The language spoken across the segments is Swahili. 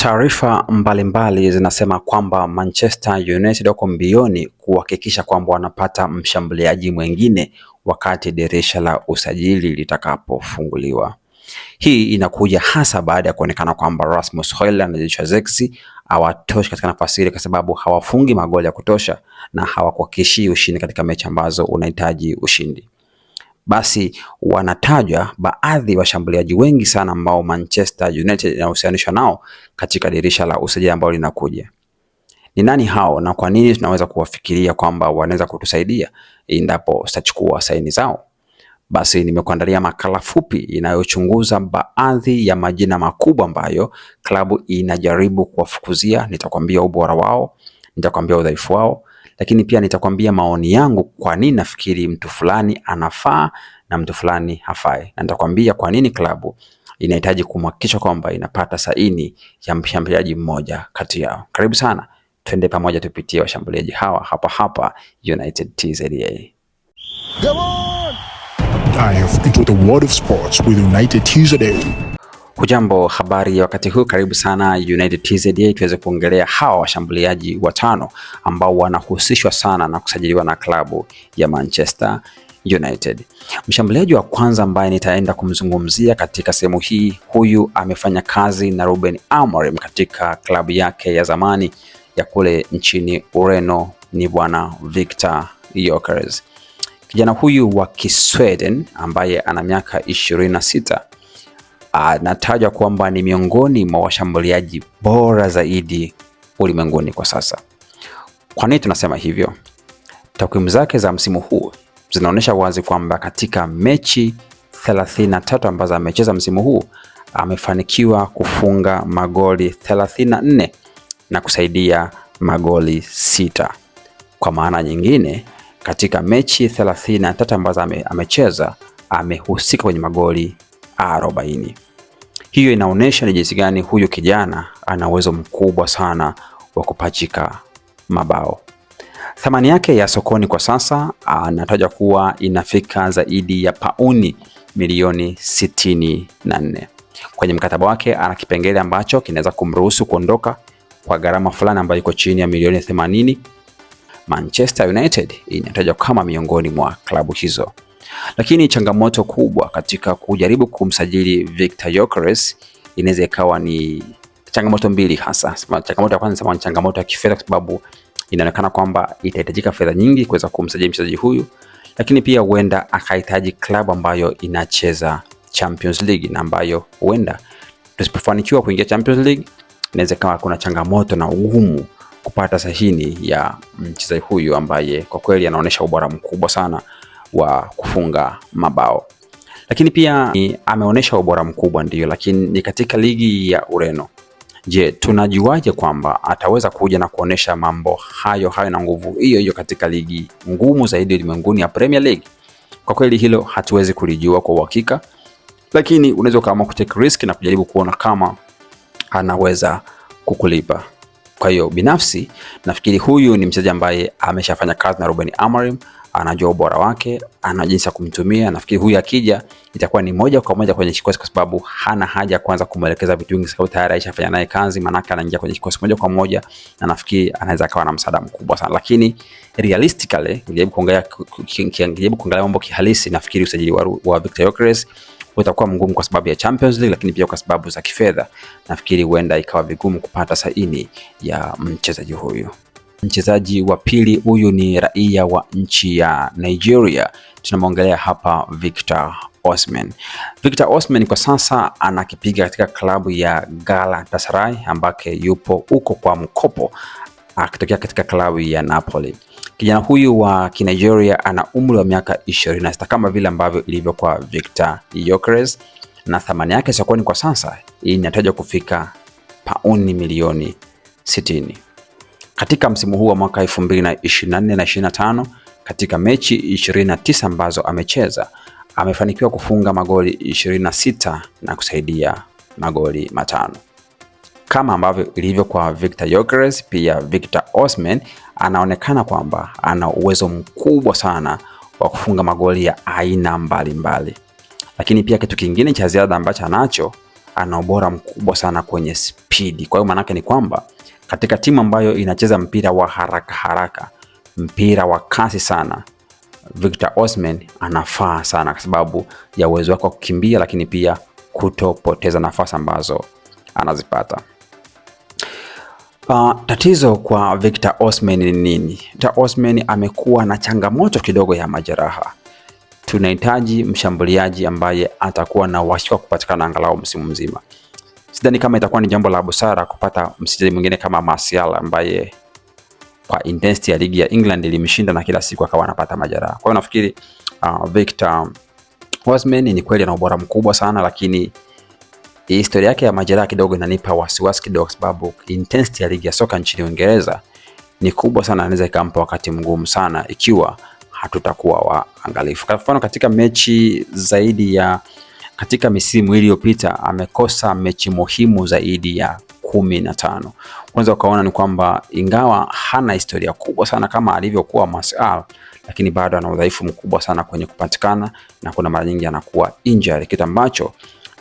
Taarifa mbalimbali zinasema kwamba Manchester United wako mbioni kuhakikisha kwamba wanapata mshambuliaji mwingine wakati dirisha la usajili litakapofunguliwa. Hii inakuja hasa baada ya kuonekana kwamba Rasmus Hojlund na Joshua Zirkzee hawatoshi katika nafasi ile, kwa sababu hawafungi magoli ya kutosha na hawakuhakikishii ushindi katika mechi ambazo unahitaji ushindi basi wanatajwa baadhi ya washambuliaji wengi sana ambao Manchester United inahusianishwa nao katika dirisha la usajili ambao linakuja. Ni nani hao na kwa nini tunaweza kuwafikiria kwamba wanaweza kutusaidia endapo tutachukua saini zao? Basi nimekuandalia makala fupi inayochunguza baadhi ya majina makubwa ambayo klabu inajaribu kuwafukuzia. Nitakwambia ubora wao, nitakwambia udhaifu wao lakini pia nitakwambia maoni yangu, kwa nini nafikiri mtu fulani anafaa na mtu fulani hafai, na nitakwambia kwa nini klabu inahitaji kumhakikisha kwamba inapata saini ya mshambuliaji mmoja kati yao. Karibu sana, twende pamoja tupitie washambuliaji hawa hapa hapa United TZA. Dive into the world of sports with United TZA. Hujambo, habari ya wakati huu, karibu sana United TZA tuweze kuongelea hawa washambuliaji watano ambao wanahusishwa sana na kusajiliwa na klabu ya Manchester United. Mshambuliaji wa kwanza ambaye nitaenda kumzungumzia katika sehemu hii, huyu amefanya kazi na Ruben Amorim katika klabu yake ya zamani ya kule nchini Ureno, ni bwana Victor Gyökeres. Kijana huyu wa Kisweden ambaye ana miaka 26 anatajwa ah, kwamba ni miongoni mwa washambuliaji bora zaidi ulimwenguni kwa sasa. Kwa nini tunasema hivyo? Takwimu zake za msimu huu zinaonyesha wazi kwamba katika mechi 33 ambazo amecheza msimu huu amefanikiwa kufunga magoli 34 na kusaidia magoli sita. Kwa maana nyingine, katika mechi 33 ambazo amecheza amehusika kwenye magoli arobaini. Hiyo inaonyesha ni jinsi gani huyu kijana ana uwezo mkubwa sana wa kupachika mabao. Thamani yake ya sokoni kwa sasa ah, anataja kuwa inafika zaidi ya pauni milioni nne. Kwenye mkataba wake ana kipengele ambacho kinaweza kumruhusu kuondoka kwa gharama fulani ambayo iko chini ya milioni 80. Manchester United inatajwa kama miongoni mwa klabu hizo. Lakini changamoto kubwa katika kujaribu kumsajili Victor Gyokeres inaweza ikawa ni changamoto mbili hasa. Changamoto ya kwanza ni changamoto ya kifedha, kwa sababu inaonekana kwamba itahitajika fedha nyingi kuweza kumsajili mchezaji huyu, lakini pia huenda akahitaji klabu ambayo inacheza Champions League na ambayo huenda tusipofanikiwa kuingia Champions League inaweza kama kuna changamoto na ugumu kupata sahini ya mchezaji huyu ambaye kwa kweli anaonyesha ubora mkubwa sana wa kufunga mabao, lakini pia ameonyesha ubora mkubwa ndiyo, lakini ni katika ligi ya Ureno. Je, tunajuaje kwamba ataweza kuja na kuonesha mambo hayo hayo na nguvu hiyo hiyo katika ligi ngumu zaidi ulimwenguni ya Premier League? Kwa kweli hilo hatuwezi kulijua kwa uhakika, lakini unaweza ukaamua kutake risk na kujaribu kuona kama anaweza kukulipa. Kwa hiyo binafsi nafikiri huyu ni mchezaji ambaye ameshafanya kazi na Ruben Amorim anajua ubora wake, ana jinsi ya kumtumia. Nafikiri huyu akija itakuwa ni moja kwa moja kwenye kikosi, kwa sababu hana haja kwanza kumwelekeza vitu vingi, sababu tayari aishafanya naye kazi, maanake anaingia kwenye kikosi moja kwa moja, na nafikiri anaweza akawa na msaada mkubwa sana. Lakini realistically, nijaribu kuangalia nijaribu kuangalia mambo kihalisi, nafikiri usajili wa, wa Victor Gyokeres utakuwa mgumu kwa sababu ya Champions League, lakini pia kwa sababu za kifedha, nafikiri huenda ikawa vigumu kupata saini ya mchezaji huyu. Mchezaji wa pili huyu ni raia wa nchi ya Nigeria, tunamwongelea hapa Victor Osimhen. Victor Osimhen kwa sasa anakipiga katika klabu ya Galatasaray ambake yupo huko kwa mkopo akitokea katika klabu ya Napoli. Kijana huyu wa Kinigeria ana umri wa miaka 26 kama vile ambavyo ilivyo kwa Victor Gyokeres na thamani yake sokoni kwa sasa inatajwa kufika pauni milioni 60 katika msimu huu wa mwaka 2024 na 25 katika mechi 29 ambazo amecheza amefanikiwa kufunga magoli 26 na kusaidia magoli matano. Kama ambavyo ilivyo kwa Victor Gyokeres, pia Victor Osimhen anaonekana kwamba ana uwezo mkubwa sana wa kufunga magoli ya aina mbalimbali mbali. Lakini pia kitu kingine cha ziada ambacho anacho, ana ubora mkubwa sana kwenye spidi. Kwa hiyo maanake ni kwamba katika timu ambayo inacheza mpira wa haraka haraka, mpira wa kasi sana, Victor Osimhen anafaa sana kwa sababu ya uwezo wake wa kukimbia, lakini pia kutopoteza nafasi ambazo anazipata. Uh, tatizo kwa Victor Osimhen ni nini? Victor Osimhen amekuwa na changamoto kidogo ya majeraha. Tunahitaji mshambuliaji ambaye atakuwa na uhakika kupatikana angalau msimu mzima sidhani kama itakuwa ni jambo la busara kupata mchezaji mwingine kama Martial ambaye kwa intensity ya ligi ya England ilimshinda na kila siku akawa anapata majeraha. Kwa hiyo nafikiri uh, Victor Osimhen ni kweli ana ubora mkubwa sana, lakini historia yake ya majeraha kidogo inanipa wasiwasi kidogo, sababu intensity ya ligi ya soka nchini Uingereza ni kubwa sana, anaweza ikampa wakati mgumu sana ikiwa hatutakuwa waangalifu. Kwa mfano katika mechi zaidi ya katika misimu iliyopita amekosa mechi muhimu zaidi ya kumi na tano. Kwanza ukaona ni kwamba ingawa hana historia kubwa sana kama alivyokuwa Martial, lakini bado ana udhaifu mkubwa sana kwenye kupatikana na kuna mara nyingi anakuwa injured, kitu ambacho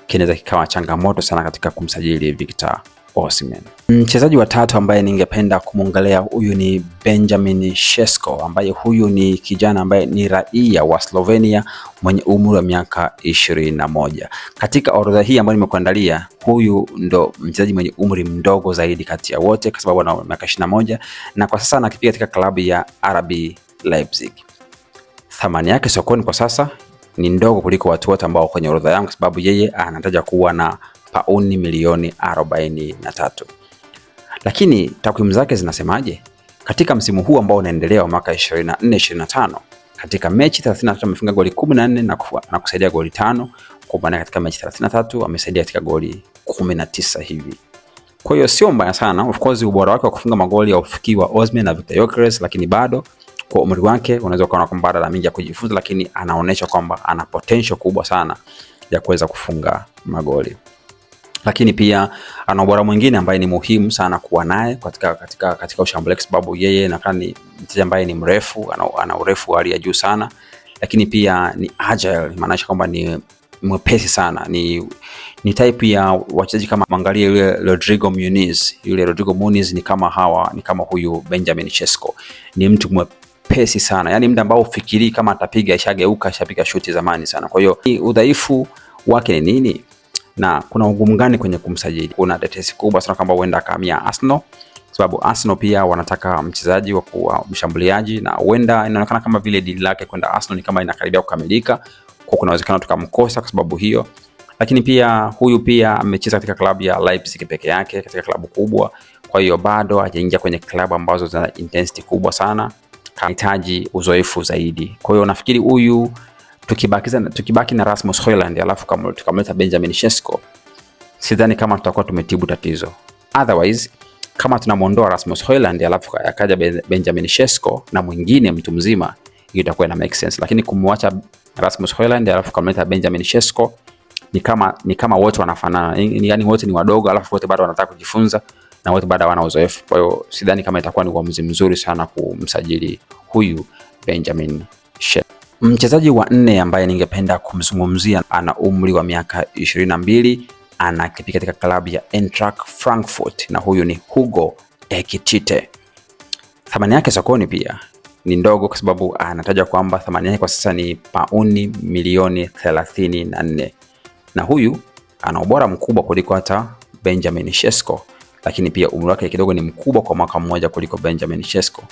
kinaweza kikawa changamoto sana katika kumsajili Victor Osimhen. Mchezaji wa tatu ambaye ningependa kumwongelea huyu ni Benjamin Shesko, ambaye huyu ni kijana ambaye ni raia wa Slovenia mwenye umri wa miaka ishirini na moja. Katika orodha hii ambayo nimekuandalia, huyu ndo mchezaji mwenye umri mdogo zaidi kati ya wote kwa sababu ana miaka ishirini na moja na kwa sasa anakipiga katika klabu ya RB Leipzig. Thamani yake sokoni kwa sasa ni ndogo kuliko watu wote ambao kwenye orodha yangu, kwa sababu yeye anataja kuwa na pauni milioni 43. Lakini takwimu zake zinasemaje? Katika msimu huu ambao unaendelea wa mwaka 24 25 katika mechi 33 amefunga goli 14 na, na kusaidia goli tano. Kwa maana katika mechi 33 amesaidia katika goli 19 hivi. Kwa hiyo sio mbaya sana. Of course ubora wake wa kufunga magoli haufikii wa Osman na Victor Gyökeres, lakini bado kwa umri wake unaweza ukaona kwamba bado ana mengi ya kujifunza, lakini anaonyesha kwamba ana potential kubwa sana ya kuweza kufunga magoli lakini pia ana ubora mwingine ambaye ni muhimu sana kuwa naye katika, katika, katika ushambulia kwa sababu yeye nakaa ni mchezaji ambaye ni mrefu, ana, ana urefu wa hali ya juu sana, lakini pia ni agile, maanaisha kwamba ni mwepesi sana, ni, ni type ya wachezaji kama mwangalie yule Rodrigo Muniz, yule Rodrigo Muniz ni kama hawa, ni kama huyu Benjamin Chesko, ni mtu mwepesi sana, yani mda ambao ufikiri kama atapiga, ishageuka, ishapiga shuti zamani sana. Kwa hiyo udhaifu wake ni nini? na kuna ugumu gani kwenye kumsajili? Kuna tetesi kubwa sana kwamba huenda akahamia Arsenal sababu Arsenal pia wanataka mchezaji wa kuwa mshambuliaji na huenda inaonekana kama vile deal lake kwenda Arsenal ni kama inakaribia kukamilika, kwa kuna uwezekano tukamkosa kwa sababu hiyo. Lakini pia huyu pia amecheza katika klabu ya Leipzig peke yake, katika klabu kubwa, kwa hiyo bado hajaingia kwenye klabu ambazo zina intensity kubwa sana, kahitaji uzoefu zaidi. Kwa hiyo nafikiri huyu tukibaki na, tukibaki na Rasmus Hojlund alafu kama tukamleta Benjamin Sesko, sidhani kama tutakuwa tumetibu tatizo. Otherwise, kama tunamuondoa Rasmus Hojlund alafu akaja Benjamin Sesko na mwingine mtu mzima, hiyo itakuwa ina make sense, lakini kumwacha Rasmus Hojlund alafu kamleta Benjamin Sesko ni kama ni kama wote wanafanana, yani wote ni wadogo, alafu wote bado wanataka kujifunza na wote bado hawana uzoefu. Kwa hiyo sidhani kama itakuwa ni uamuzi mzuri sana kumsajili huyu Benjamin Mchezaji wa nne ambaye ningependa kumzungumzia ana umri wa miaka ishirini na mbili katika klabu ya Eintracht Frankfurt na huyu ni Hugo Ekitite. Thamani yake sokoni pia ni ndogo kwa sababu anataja kwamba thamani yake kwa sasa ni pauni milioni 34, na huyu ana ubora mkubwa kuliko hata Benjamin Sesko, lakini pia umri wake kidogo ni mkubwa kwa mwaka mmoja kuliko Benjamin Sesko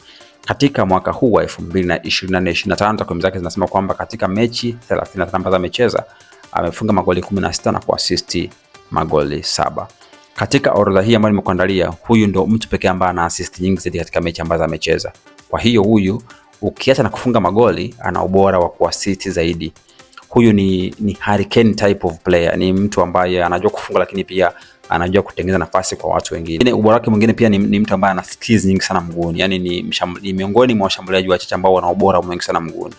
katika mwaka huu wa 2024 25, takwimu zake zinasema kwamba katika mechi 33 ambazo amecheza amefunga magoli 16 na kuasisti magoli saba. Katika orodha hii ambayo nimekuandalia, huyu ndo mtu pekee ambaye ana assist nyingi zaidi katika mechi ambazo amecheza. Kwa hiyo huyu ukiacha na kufunga magoli, ana ubora wa kuassist zaidi. Huyu ni, ni type of player, ni mtu ambaye anajua kufunga lakini pia anajua kutengeneza nafasi kwa watu wengine. Ubora wake mwingine pia ni, ni mtu ambaye ana skills nyingi sana mguuni, yani ni, ni miongoni mwa washambuliaji wachache ambao wana ubora mwingi sana mguuni.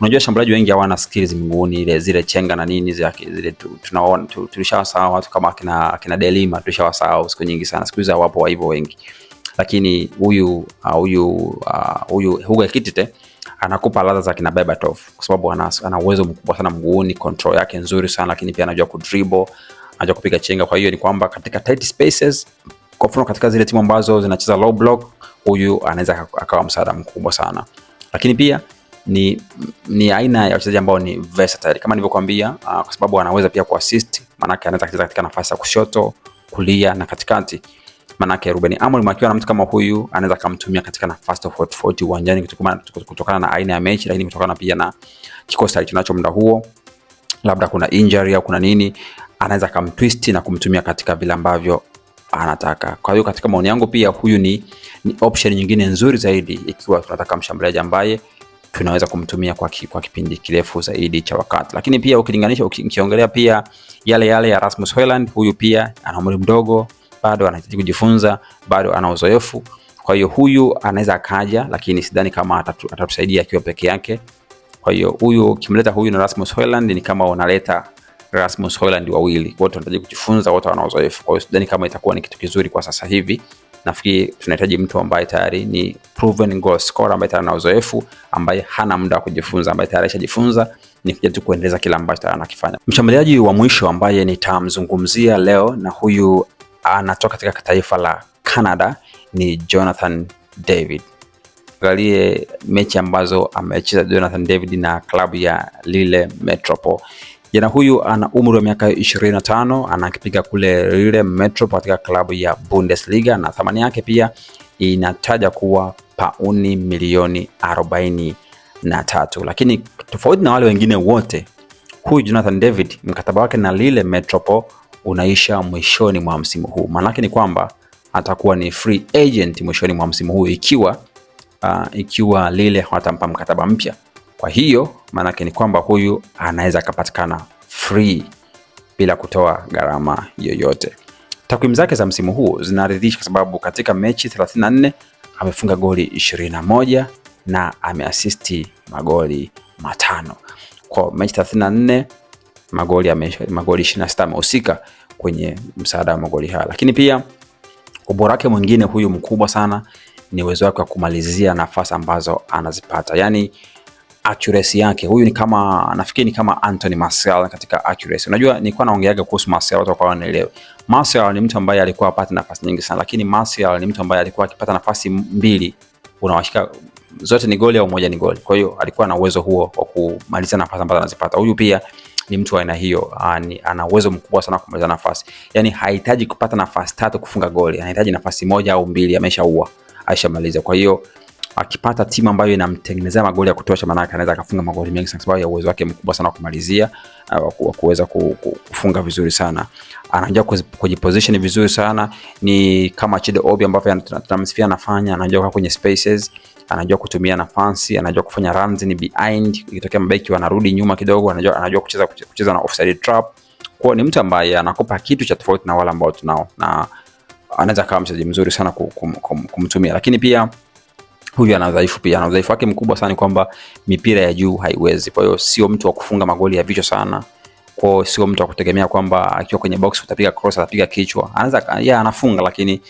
Unajua washambuliaji wengi hawana skills mguuni, ile zile chenga na nini zile tunaona tu, tulishawasahau watu kama akina akina Delima tulishawasahau siku nyingi sana, siku hizo hawapo hivyo wengi, lakini huyu ah, huyu ah, huyu Hugo Ekitike anakupa ladha za kina Berbatov kwa sababu ana uwezo mkubwa sana mguuni, control yake nzuri sana, lakini pia anajua kudribble acha kupiga chenga. Kwa hiyo ni kwamba katika tight spaces, kwa mfano katika zile timu ambazo zinacheza low block, huyu anaweza akawa msaada mkubwa sana, lakini pia ni, ni aina ya wachezaji ambao ni versatile kama nilivyokuambia, uh, kwa sababu anaweza pia kuassist, maanake anaweza kucheza katika nafasi ya kushoto, kulia na katikati. Maanake Ruben Amorim akiwa na mtu kama huyu anaweza akamtumia katika nafasi tofauti tofauti uwanjani kutokana na aina ya mechi, lakini kutokana pia na kikosi alichonacho muda huo, labda kuna injury au kuna nini, anaweza akamtwist na kumtumia katika vile ambavyo anataka. Kwa hiyo katika maoni yangu pia huyu ni, ni option nyingine nzuri zaidi ikiwa tunataka mshambuliaji ambaye tunaweza kumtumia kwa, ki, kwa kipindi kirefu zaidi cha wakati. Lakini pia ukilinganisha ukiongelea pia yale yale ya Rasmus Hojlund, huyu pia ana umri mdogo bado anahitaji kujifunza, bado ana uzoefu. Kwa hiyo huyu anaweza akaja, lakini sidhani kama atatusaidia akiwa peke yake. Kwa hiyo huyu ukimleta huyu na Rasmus Hojlund ni kama unaleta Rasmus Hojlund wawili, wote wanahitaji kujifunza, wote wana uzoefu. Kwa hiyo sidhani kama itakuwa ni kitu kizuri kwa sasa hivi. Nafikiri tunahitaji mtu ambaye tayari ni proven goal scorer, ambaye tayari ana uzoefu, ambaye hana muda wa kujifunza, ambaye tayari ashajifunza, ni kuja tu kuendeleza kile ambacho tayari anakifanya. Mshambuliaji wa mwisho ambaye nitamzungumzia leo na huyu anatoka katika taifa la Canada ni Jonathan David. Angalie mechi ambazo amecheza Jonathan David na klabu ya Lille Metropole. Jana huyu ana umri wa miaka 25, anakipiga kule Lille Metro katika klabu ya Bundesliga na thamani yake pia inataja kuwa pauni milioni 43, lakini tofauti na wale wengine wote, huyu Jonathan David mkataba wake na Lille Metropole unaisha mwishoni mwa msimu huu. Maanake ni kwamba atakuwa ni free agent mwishoni mwa msimu huu ikiwa uh, ikiwa Lille hawatampa mkataba mpya. Kwa hiyo maanake ni kwamba huyu anaweza akapatikana free bila kutoa gharama yoyote. Takwimu zake za msimu huu zinaridhisha kwa sababu katika mechi 34 amefunga goli 21 na ameasisti magoli matano kwa mechi 34 magoli ame, magoli 26 amehusika kwenye msaada wa magoli haya, lakini pia ubora wake mwingine huyu mkubwa sana ni uwezo wake wa kumalizia nafasi ambazo anazipata, yani, accuracy yake. Huyu ni kama nafikiri ni kama Anthony Martial katika accuracy. Unajua nilikuwa naongeaga kuhusu Martial watu wakawa wanaelewa. Martial ni mtu ambaye alikuwa apata nafasi nyingi sana, lakini Martial ni mtu ambaye alikuwa akipata nafasi mbili unawashika zote ni goli au moja ni goli. Kwa hiyo alikuwa na uwezo huo wa kumaliza nafasi ambazo anazipata. Huyu pia ni mtu wa aina hiyo, ana uwezo mkubwa sana kumaliza nafasi. Yaani hahitaji kupata nafasi tatu kufunga goli, anahitaji nafasi moja au mbili, ameshaua, aishamaliza. Kwa hiyo akipata timu ambayo inamtengenezea magoli ya kutosha, maanake anaweza akafunga magoli mengi sana sababu ya uwezo wake mkubwa sana wa kumalizia, uh, wa kuweza kufunga vizuri sana. Anajua kujiposition vizuri sana, ni kama Chido Obi ambavyo tunamsifia anafanya. Anajua kukaa kwenye spaces, anajua kutumia nafasi, anajua kufanya runs ni behind, ikitokea mabeki wanarudi nyuma kidogo, anajua anajua kucheza kucheza na offside trap. Kwa ni mtu ambaye anakupa kitu cha tofauti na wale ambao tunao, na anaweza kawa mchezaji mzuri sana kumtumia, lakini pia huyu ana udhaifu pia. ana udhaifu wake mkubwa sana ni kwamba mipira ya juu haiwezi, kwa hiyo sio mtu wa kufunga magoli ya vichwa sana hiyo sio mtu wa kutegemea kwamba akiwa kwenye box utapiga cross, atapiga kichwa, anaanza ya anafunga, lakini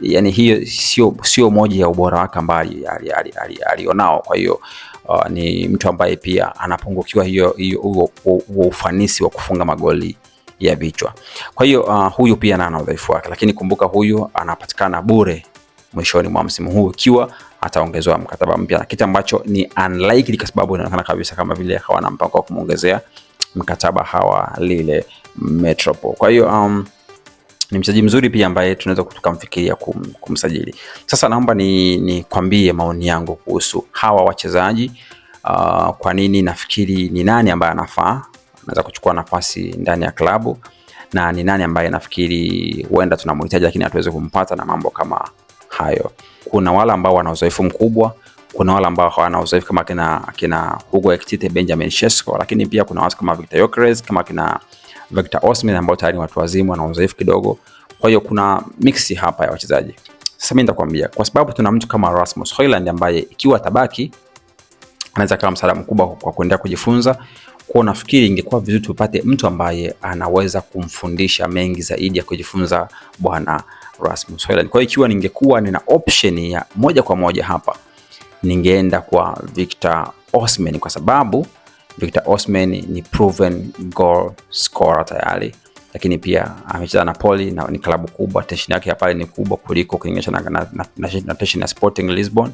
yani hiyo sio sio moja ya ubora wake ambaye alionao. Kwa hiyo uh, ni mtu ambaye pia anapungukiwa hiyo hiyo huo ufanisi wa kufunga magoli ya vichwa. Kwa hiyo uh, huyu pia ana udhaifu wake, lakini kumbuka huyu anapatikana bure mwishoni mwa msimu huu ikiwa ataongezewa mkataba mpya, na kitu ambacho ni unlikely kwa sababu inaonekana kabisa kama vile hawana mpango wa kumwongezea mkataba hawa lile Metropo. Kwa hiyo um, ni mchezaji mzuri pia ambaye tunaweza tukamfikiria kum, kumsajili. Sasa naomba nikwambie ni maoni yangu kuhusu hawa wachezaji uh, kwa nini nafikiri ni nani ambaye anafaa anaweza kuchukua nafasi ndani ya klabu na ni nani ambaye nafikiri huenda tunamhitaji lakini hatuwezi kumpata na mambo kama hayo kuna wale ambao wana uzoefu mkubwa, kuna wale ambao hawana uzoefu kama kina kina Hugo Ekitike, Benjamin Sesko, lakini pia kuna watu kama Victor Gyokeres, kama kina Victor Osimhen ambao tayari watu wazima na uzoefu kidogo. Kwa hiyo kuna mix hapa ya wachezaji. Sasa mimi nitakwambia kwa sababu tuna mtu kama Rasmus Hojlund ambaye ikiwa tabaki anaweza kama msaada mkubwa kwa kuendelea kujifunza. Kwa nafikiri ingekuwa vizuri tupate mtu ambaye anaweza kumfundisha mengi zaidi ya kujifunza bwana rasmi Hojlund. Kwa hiyo ikiwa ningekuwa nina option ya moja kwa moja hapa, ningeenda kwa Victor Osimhen kwa sababu Victor Osimhen ni proven goal scorer tayari, lakini pia amecheza Napoli na ni klabu kubwa, tension yake pale ni kubwa kuliko ukilinganisha na, na, na, na, na tension ya Sporting Lisbon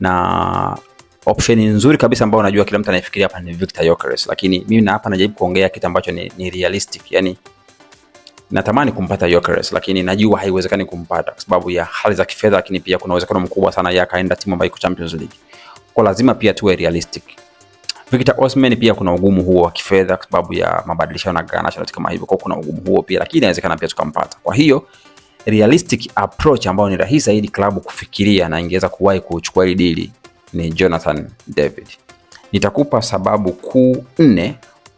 na option nzuri kabisa ambayo unajua kila mtu anaifikiria hapa ni Victor Gyökeres, lakini mimi na hapa najaribu kuongea kitu ambacho ni, ni realistic yani Natamani kumpata Gyökeres lakini najua haiwezekani kumpata kwa sababu ya hali za kifedha, lakini pia kuna uwezekano mkubwa sana ya akaenda timu ambayo iko Champions League. Kwa lazima pia tuwe realistic. Victor Osimhen pia kuna ugumu huo wa kifedha kwa sababu ya mabadilishano na Ghana na kama hivyo, kwa kuna ugumu huo pia, lakini inawezekana pia tukampata. Kwa hiyo realistic approach ambayo ni rahisi zaidi klabu kufikiria na ingeweza kuwahi kuchukua hili dili ni Jonathan David. Nitakupa sababu kuu nne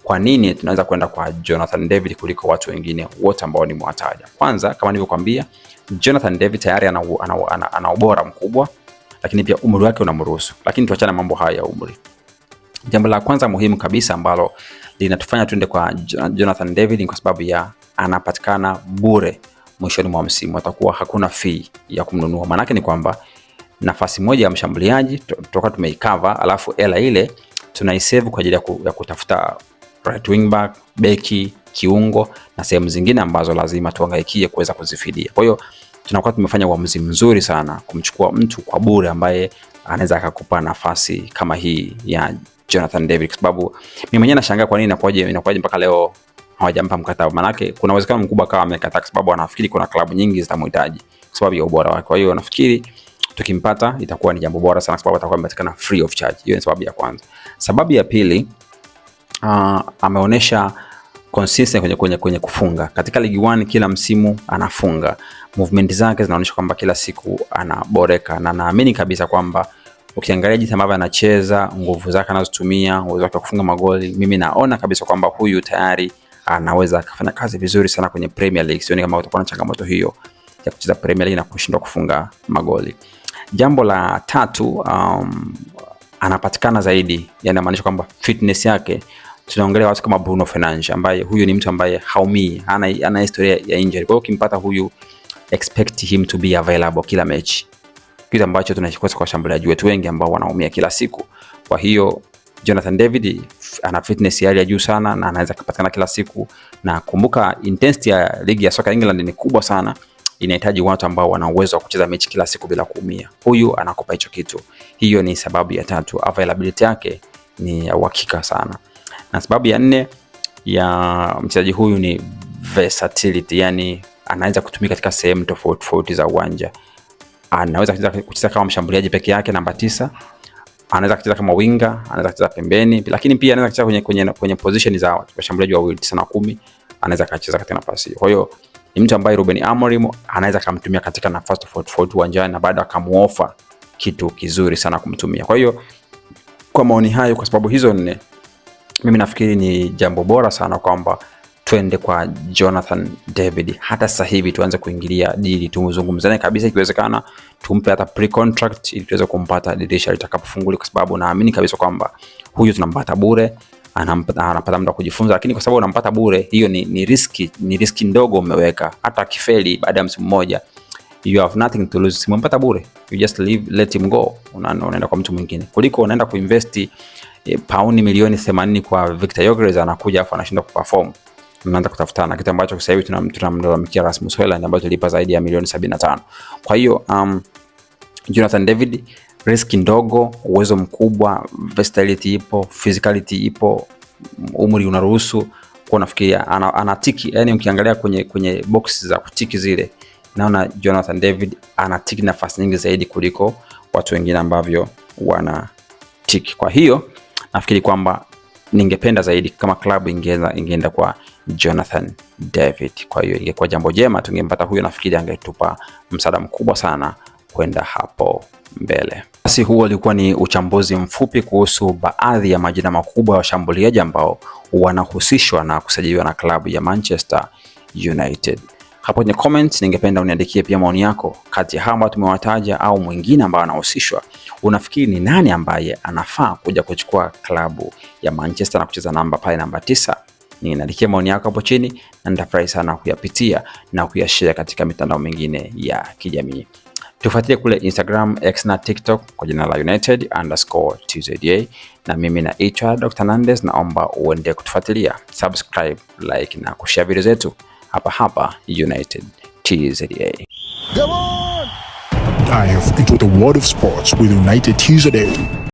kwa nini tunaweza kwenda kwa Jonathan David kuliko watu wengine wote ambao nimewataja? Kwanza, kama nilivyokuambia, Jonathan David tayari ana, ana, ana, ana ubora mkubwa, lakini pia umri wake unamruhusu. Lakini tuachane mambo haya ya umri. Jambo la kwanza muhimu kabisa ambalo linatufanya tuende kwa Jonathan David ni kwa sababu ya anapatikana bure mwishoni mwa msimu, atakuwa hakuna fee ya kumnunua. Maanake ni kwamba nafasi moja ya mshambuliaji toka tumeikava, alafu ela ile tunaisave kwa ajili ya kutafuta right wing back, beki, kiungo na sehemu zingine ambazo lazima tuhangaikie kuweza kuzifidia. Kwa hiyo tunakuwa tumefanya uamuzi mzuri sana kumchukua mtu kwa bure ambaye anaweza akakupa nafasi kama hii ya Jonathan David, kwa sababu mimi mwenyewe nashangaa kwa nini inakuwaje inakuwaje mpaka leo hawajampa mkataba. Manake kuna uwezekano mkubwa kama amekataa, kwa sababu anafikiri kuna klabu nyingi zitamhitaji kwa sababu ya ubora wake. Kwa hiyo nafikiri tukimpata itakuwa ni jambo bora sana, kwa sababu atakuwa amepatikana free of charge. Hiyo ni sababu ya kwanza. Sababu ya pili uh, ah, ameonyesha consistent kwenye, kwenye, kwenye kufunga katika ligi 1 kila msimu anafunga. Movement zake zinaonyesha kwamba kila siku anaboreka, na naamini kabisa kwamba ukiangalia jinsi ambavyo anacheza, nguvu zake anazotumia, uwezo wake wa kufunga magoli, mimi naona kabisa kwamba huyu tayari anaweza akafanya kazi vizuri sana kwenye Premier League. Sioni kama utakuwa na changamoto hiyo ya kucheza Premier League na kushindwa kufunga magoli. Jambo la tatu, um, anapatikana zaidi, yani maanisha kwamba fitness yake tunaongelea watu kama Bruno Fernandes ambaye huyu ni mtu ambaye haumii, ana, ana historia ya injury. Kwa hiyo ukimpata huyu expect him to be available kila mechi, kitu ambacho tunachokosa kwa washambuliaji wetu wengi ambao wanaumia kila siku. Kwa hiyo Jonathan David ana fitness ya hali ya juu sana na anaweza kupatikana kila siku, na kumbuka intensity ya ligi ya soka England ni kubwa sana, inahitaji watu ambao wana uwezo wa kucheza mechi kila siku bila kuumia. Huyu anakupa hicho kitu. Hiyo ni sababu ya tatu, availability yake ni ya uhakika sana. Na sababu ya nne ya mchezaji huyu ni versatility, yani anaweza kutumika katika sehemu tofauti tofauti za uwanja. Anaweza kucheza kama mshambuliaji peke yake namba tisa, anaweza kucheza kama winga, anaweza kucheza pembeni, lakini pia anaweza kucheza kwenye, kwenye, kwenye position za washambuliaji wawili tisa na kumi, anaweza kucheza katika nafasi hiyo. Kwa hiyo ni mtu ambaye Ruben Amorim anaweza akamtumia katika nafasi tofauti tofauti uwanjani na baada akamuofa kitu kizuri sana kumtumia. Kwa hiyo kwa maoni hayo, kwa sababu hizo nne mimi nafikiri ni jambo bora sana kwamba twende kwa Jonathan David hata sasa hivi, tuanze kuingilia dili, tuzungumzane kabisa, ikiwezekana tumpe hata pre contract ili tuweze kumpata dirisha litakapofunguliwa, kwa sababu naamini kabisa kwamba huyu tunampata bure, anapata muda kujifunza, lakini kwa sababu unampata bure, hiyo ni, ni riski ni riski ndogo umeweka. Hata akifeli baada ya msimu mmoja, you have nothing to lose, unampata bure, you just leave, let him go, unaenda kwa mtu mwingine kuliko unaenda kuinvesti e, pauni milioni 80 kwa Victor Gyökeres anakuja afu anashindwa kuperform, mnaanza kutafutana, kitu ambacho sasa hivi tunamlalamikia Rasmus Hojlund ambaye tulipa zaidi ya milioni 75. Kwa hiyo um, Jonathan David riski ndogo, uwezo mkubwa, versatility ipo, physicality ipo, umri unaruhusu kwa nafikiria ana, tiki yani, ukiangalia kwenye kwenye box za kutiki zile, naona Jonathan David ana tiki nafasi nyingi zaidi kuliko watu wengine ambavyo wana tiki. Kwa hiyo nafikiri kwamba ningependa zaidi kama klabu ingeenda kwa Jonathan David. Kwa hiyo ingekuwa jambo jema tungempata huyo, nafikiri angetupa msaada mkubwa sana kwenda hapo mbele. Basi huo ulikuwa ni uchambuzi mfupi kuhusu baadhi ya majina makubwa ya washambuliaji ambao wanahusishwa na kusajiliwa na klabu ya Manchester United. Hapo kwenye comments ningependa uniandikie pia maoni yako. Kati ya hawa tumewataja au mwingine ambaye anahusishwa, unafikiri ni nani ambaye anafaa kuja kuchukua klabu ya Manchester na kucheza namba pale namba tisa? Niandikia maoni yako hapo chini na nitafurahi sana kuyapitia na kuyashare katika mitandao mingine ya kijamii. Tufuatilie kule Instagram, X na TikTok kwa jina la United underscore TZA, na mimi naitwa Dr. Nandes. Naomba uende kutufuatilia, subscribe, like na kushare video zetu hapa hapa United TZA. Dive into the world of sports with United TZA.